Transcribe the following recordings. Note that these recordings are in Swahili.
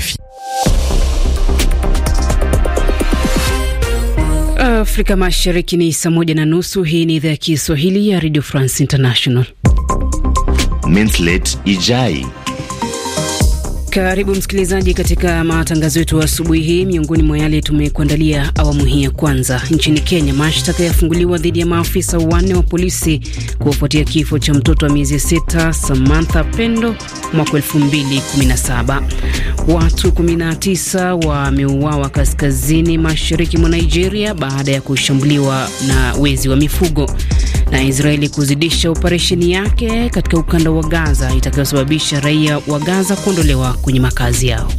RFI. Afrika Mashariki ni saa moja na nusu. Hii ni idhaa ya Kiswahili ya Radio France International. minslate Ijai karibu msikilizaji katika matangazo yetu asubuhi hii. Miongoni mwa yale tumekuandalia awamu hii ya kwanza: nchini Kenya, mashtaka yafunguliwa dhidi ya maafisa wanne wa polisi kuwafuatia kifo cha mtoto wa miezi sita Samantha Pendo mwaka saba. Watu 19 wameuawa kaskazini mashariki mwa Nigeria baada ya kushambuliwa na wezi wa mifugo na Israeli kuzidisha operesheni yake katika ukanda wa Gaza itakayosababisha raia wa Gaza kuondolewa kwenye makazi yao.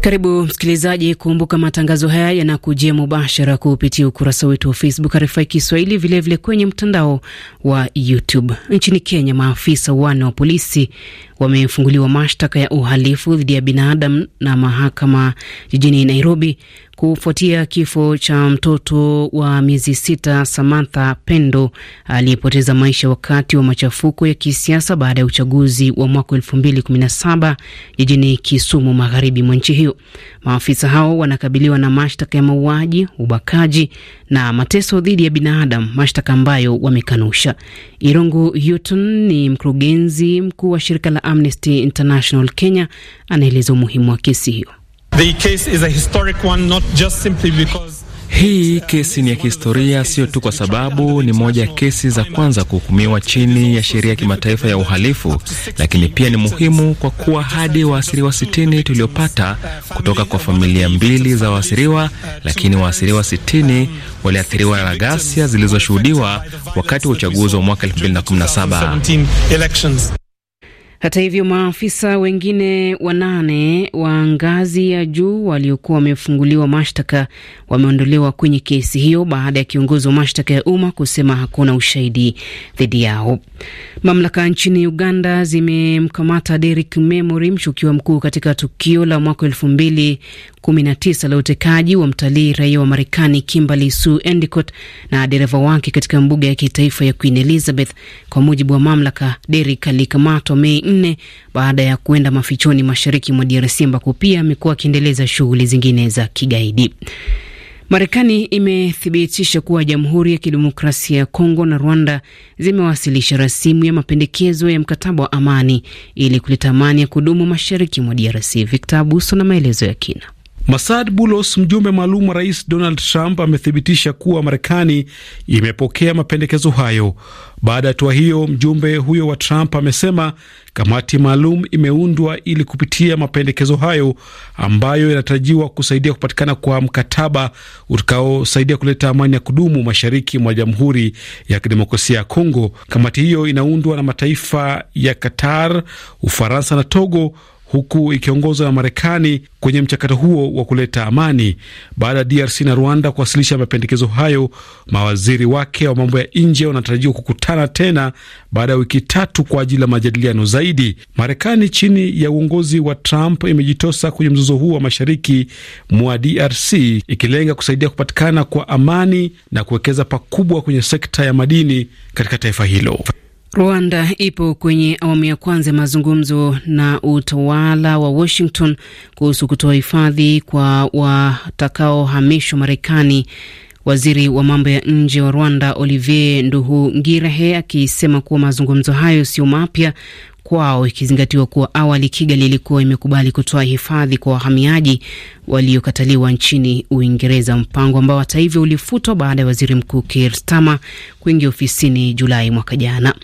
Karibu msikilizaji, kumbuka matangazo haya yanakujia mubashara kupitia ukurasa wetu wa Facebook RFI Kiswahili, vilevile vile kwenye mtandao wa YouTube. Nchini Kenya, maafisa wanne wa polisi wamefunguliwa mashtaka ya uhalifu dhidi ya binadamu na mahakama jijini Nairobi kufuatia kifo cha mtoto wa miezi sita Samantha Pendo aliyepoteza maisha wakati wa machafuko ya kisiasa baada ya uchaguzi wa mwaka saba jijini Kisumu, magharibi mwa nchi hiyo. Maafisa hao wanakabiliwa na mashtaka ya mauaji, ubakaji na mateso dhidi ya binadamu, mashtaka ambayo wamekanusha. Irungu Houghton ni mkurugenzi mkuu wa shirika la Amnesty International Kenya, anaeleza umuhimu wa kesi hiyo. The case is a historic one, not just simply because hii kesi ni ya kihistoria, sio tu kwa sababu ni moja ya kesi za kwanza kuhukumiwa chini ya sheria ya kimataifa ya uhalifu, lakini pia ni muhimu kwa kuwa hadi waasiriwa sitini tuliopata kutoka kwa familia mbili za waasiriwa, lakini waasiriwa sitini waliathiriwa na ghasia zilizoshuhudiwa wakati wa uchaguzi wa mwaka 2017. Hata hivyo maafisa wengine wanane wa ngazi ya juu waliokuwa wamefunguliwa mashtaka wameondolewa kwenye kesi hiyo baada ya kiongozi wa mashtaka ya umma kusema hakuna ushahidi dhidi yao. Mamlaka nchini Uganda zimemkamata Derrick Memory, mshukiwa mkuu katika tukio la mwaka elfu mbili 19 la utekaji wa mtalii raia wa Marekani Kimberly Sue Endicott na dereva wake katika mbuga ya kitaifa ya Queen Elizabeth. Kwa mujibu wa mamlaka, Derik alikamatwa Mei 4 baada ya kuenda mafichoni mashariki mwa DRC ambako pia amekuwa akiendeleza shughuli zingine za kigaidi. Marekani imethibitisha kuwa Jamhuri ya Kidemokrasia ya Kongo na Rwanda zimewasilisha rasimu ya mapendekezo ya mkataba wa amani ili kuleta amani ya kudumu mashariki mwa DRC. Victor Abuso na maelezo ya kina. Masad Bulos, mjumbe maalum wa rais Donald Trump, amethibitisha kuwa Marekani imepokea mapendekezo hayo. Baada ya hatua hiyo, mjumbe huyo wa Trump amesema kamati maalum imeundwa ili kupitia mapendekezo hayo ambayo yanatarajiwa kusaidia kupatikana kwa mkataba utakaosaidia kuleta amani ya kudumu mashariki mwa Jamhuri ya Kidemokrasia ya Kongo. Kamati hiyo inaundwa na mataifa ya Qatar, Ufaransa na Togo huku ikiongozwa na Marekani kwenye mchakato huo wa kuleta amani. Baada ya DRC na Rwanda kuwasilisha mapendekezo hayo, mawaziri wake wa mambo ya nje wanatarajiwa kukutana tena baada ya wiki tatu kwa ajili ya majadiliano zaidi. Marekani chini ya uongozi wa Trump imejitosa kwenye mzozo huo wa mashariki mwa DRC ikilenga kusaidia kupatikana kwa amani na kuwekeza pakubwa kwenye sekta ya madini katika taifa hilo. Rwanda ipo kwenye awamu ya kwanza ya mazungumzo na utawala wa Washington kuhusu kutoa hifadhi kwa watakaohamishwa Marekani. Waziri wa mambo ya nje wa Rwanda Olivier Nduhungirehe akisema kuwa mazungumzo hayo sio mapya kwao, ikizingatiwa kuwa awali Kigali ilikuwa imekubali kutoa hifadhi kwa wahamiaji waliokataliwa nchini Uingereza, mpango ambao hata hivyo ulifutwa baada ya waziri mkuu Keir Starmer kuingia ofisini Julai mwaka jana.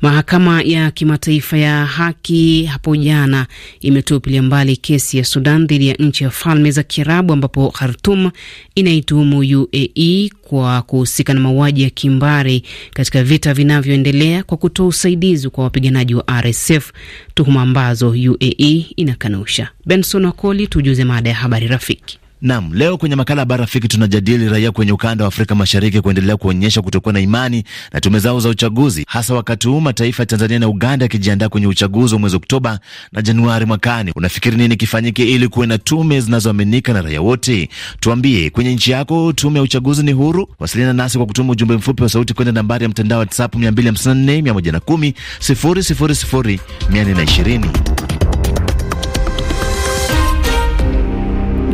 Mahakama ya kimataifa ya haki hapo jana imetupilia mbali kesi ya Sudan dhidi ya nchi ya Falme za Kiarabu, ambapo Khartum inaituhumu UAE kwa kuhusika na mauaji ya kimbari katika vita vinavyoendelea kwa kutoa usaidizi kwa wapiganaji wa RSF, tuhuma ambazo UAE inakanusha. Benson Wakoli, tujuze maada ya habari. Habari Rafiki. Nam, leo kwenye makala ya barafiki Rafiki tunajadili raia kwenye ukanda wa Afrika Mashariki kuendelea kuonyesha kutokuwa na imani na tume zao za uchaguzi, hasa wakati huu mataifa ya Tanzania na Uganda yakijiandaa kwenye uchaguzi wa mwezi Oktoba na Januari mwakani. Unafikiri nini kifanyike ili kuwe na tume zinazoaminika na raia wote? Tuambie, kwenye nchi yako tume ya uchaguzi ni huru? Wasiliana nasi kwa kutuma ujumbe mfupi wa sauti kwenda nambari ya mtandao wa WhatsApp 254 110 000 420.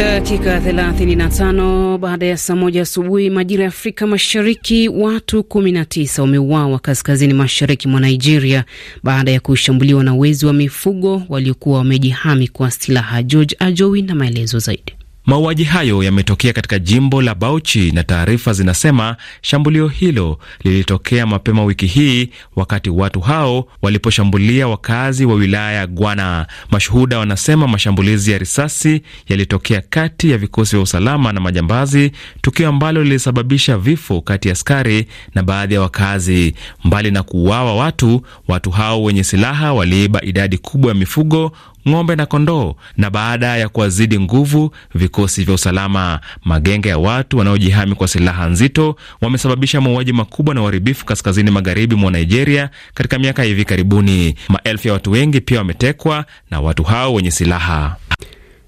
Dakika 35 baada ya saa moja asubuhi majira ya Afrika Mashariki, watu 19 wameuawa kaskazini mashariki mwa Nigeria baada ya kushambuliwa na wezi wa mifugo waliokuwa wamejihami kwa silaha. George Ajowi na maelezo zaidi. Mauaji hayo yametokea katika jimbo la Bauchi na taarifa zinasema shambulio hilo lilitokea mapema wiki hii wakati watu hao waliposhambulia wakazi wa wilaya ya Gwana. Mashuhuda wanasema mashambulizi ya risasi yalitokea kati ya vikosi vya usalama na majambazi, tukio ambalo lilisababisha vifo kati ya askari na baadhi ya wakazi. Mbali na kuuawa watu, watu hao wenye silaha waliiba idadi kubwa ya mifugo ng'ombe na kondoo, na baada ya kuwazidi nguvu vikosi vya usalama, magenge ya watu wanaojihami kwa silaha nzito wamesababisha mauaji makubwa na uharibifu kaskazini magharibi mwa Nigeria katika miaka ya hivi karibuni. Maelfu ya watu wengi pia wametekwa na watu hao wenye silaha.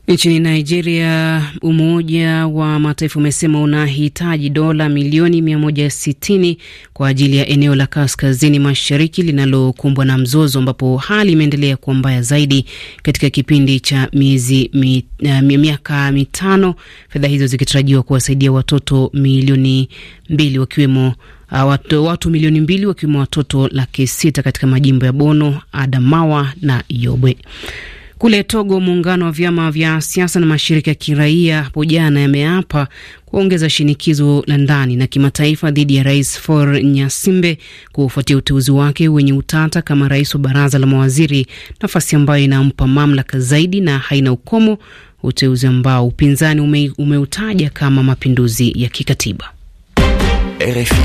Nchini Nigeria, Umoja wa Mataifa umesema unahitaji dola milioni 160 kwa ajili ya eneo la kaskazini mashariki linalokumbwa na mzozo, ambapo hali imeendelea kuwa mbaya zaidi katika kipindi cha miezi mi, uh, miaka mitano, fedha hizo zikitarajiwa kuwasaidia watoto milioni mbili wakiwemo Uh, watu, watu milioni mbili wakiwemo watoto laki sita katika majimbo ya Bono, Adamawa na Yobe. Kule Togo, muungano wa vyama vya siasa na mashirika ya kiraia hapo jana yameapa kuongeza shinikizo la ndani na kimataifa dhidi ya Rais For Nyasimbe kufuatia uteuzi wake wenye utata kama rais wa baraza la mawaziri, nafasi ambayo inampa mamlaka zaidi na haina ukomo, uteuzi ambao upinzani ume, umeutaja kama mapinduzi ya kikatiba. RFI.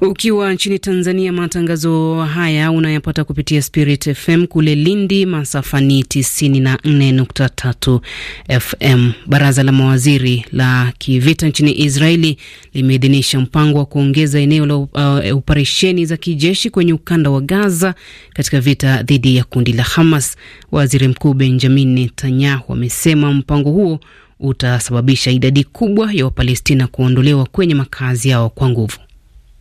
Ukiwa nchini Tanzania, matangazo haya unayapata kupitia Spirit FM kule Lindi, masafani 94.3 FM. Baraza la mawaziri la kivita nchini Israeli limeidhinisha mpango wa kuongeza eneo la uh, operesheni za kijeshi kwenye ukanda wa Gaza katika vita dhidi ya kundi la Hamas. Waziri Mkuu Benjamin Netanyahu amesema mpango huo utasababisha idadi kubwa ya Wapalestina kuondolewa kwenye makazi yao kwa nguvu.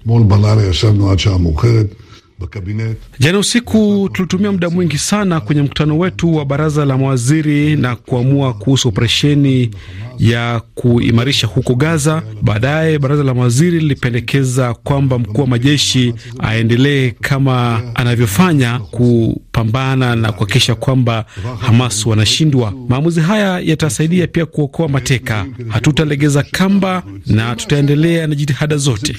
אתמול בלילה ישבנו עד שעה מאוחרת בקבינט. Jana usiku tulitumia muda mwingi sana kwenye mkutano wetu wa baraza la mawaziri na kuamua kuhusu operesheni ya kuimarisha huko Gaza. Baadaye baraza la mawaziri lilipendekeza kwamba mkuu wa majeshi aendelee kama anavyofanya ku kupambana na kuhakikisha kwamba Hamas wanashindwa. Maamuzi haya yatasaidia pia kuokoa mateka. Hatutalegeza kamba na tutaendelea na jitihada zote.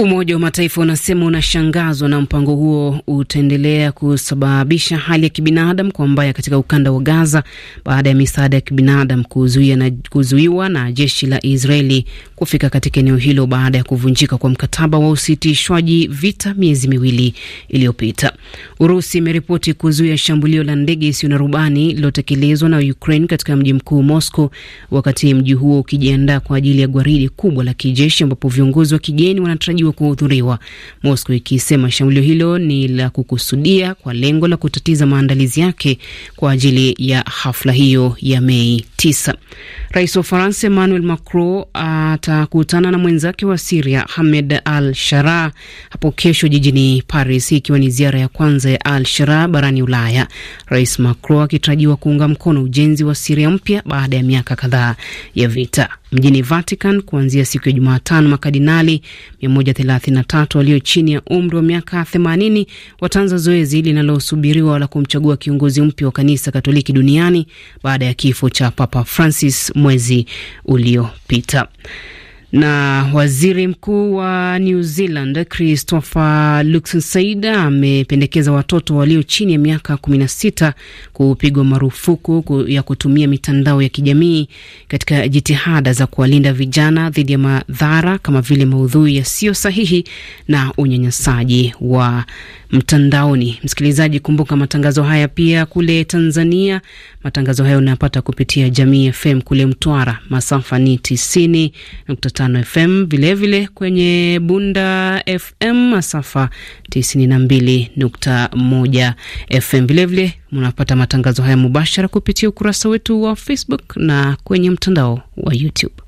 Umoja wa Mataifa unasema unashangazwa na mpango huo utaendelea kusababisha hali ya kibinadamu kwa mbaya katika ukanda wa Gaza baada ya misaada ya kibinadamu kuzuia na, kuzuiwa na jeshi la Israeli kufika katika eneo hilo baada ya kuvunjika kwa mkataba wa usitishwaji vita miezi miwili iliyopita. Urusi imeripoti kuzuia shambulio la ndege isiyo na rubani lililotekelezwa na Ukraine katika mji mkuu Moscow, wakati mji huo ukijiandaa kwa ajili ya gwaridi kubwa la kijeshi ambapo viongozi wa kigeni wanatarajiwa hilo kuhudhuriwa, Moscow ikisema shambulio hilo ni la kukusudia kwa lengo la kutatiza maandalizi yake kwa ajili ya hafla hiyo ya Mei 9. Rais wa Ufaransa Emmanuel Macron atakutana na mwenzake wa Siria Hamed Al Shara hapo kesho jijini Paris, hii ikiwa ni ziara ya kwanza ya Al Shara barani Ulaya, rais Macron akitarajiwa kuunga mkono ujenzi wa Siria mpya baada ya miaka kadhaa ya vita mjini Vatican kuanzia siku ya Jumatano. Makardinali 133 walio chini ya umri wa miaka 80 wataanza zoezi linalosubiriwa la kumchagua kiongozi mpya wa kanisa Katoliki duniani baada ya kifo cha Papa Francis mwezi uliopita. Na waziri mkuu wa New Zealand Christopher Luxon amependekeza watoto walio chini ya miaka 16 kupigwa marufuku ya kutumia mitandao ya kijamii katika jitihada za kuwalinda vijana dhidi ya madhara kama vile maudhui yasiyo sahihi na unyanyasaji wa mtandaoni. Msikilizaji, kumbuka matangazo haya pia kule Tanzania. Matangazo haya unayapata kupitia Jamii FM kule Mtwara, masafa ni 90 105 FM, vilevile vile kwenye Bunda FM masafa 92.1 FM. Vilevile vile mnapata matangazo haya mubashara kupitia ukurasa wetu wa Facebook na kwenye mtandao wa YouTube.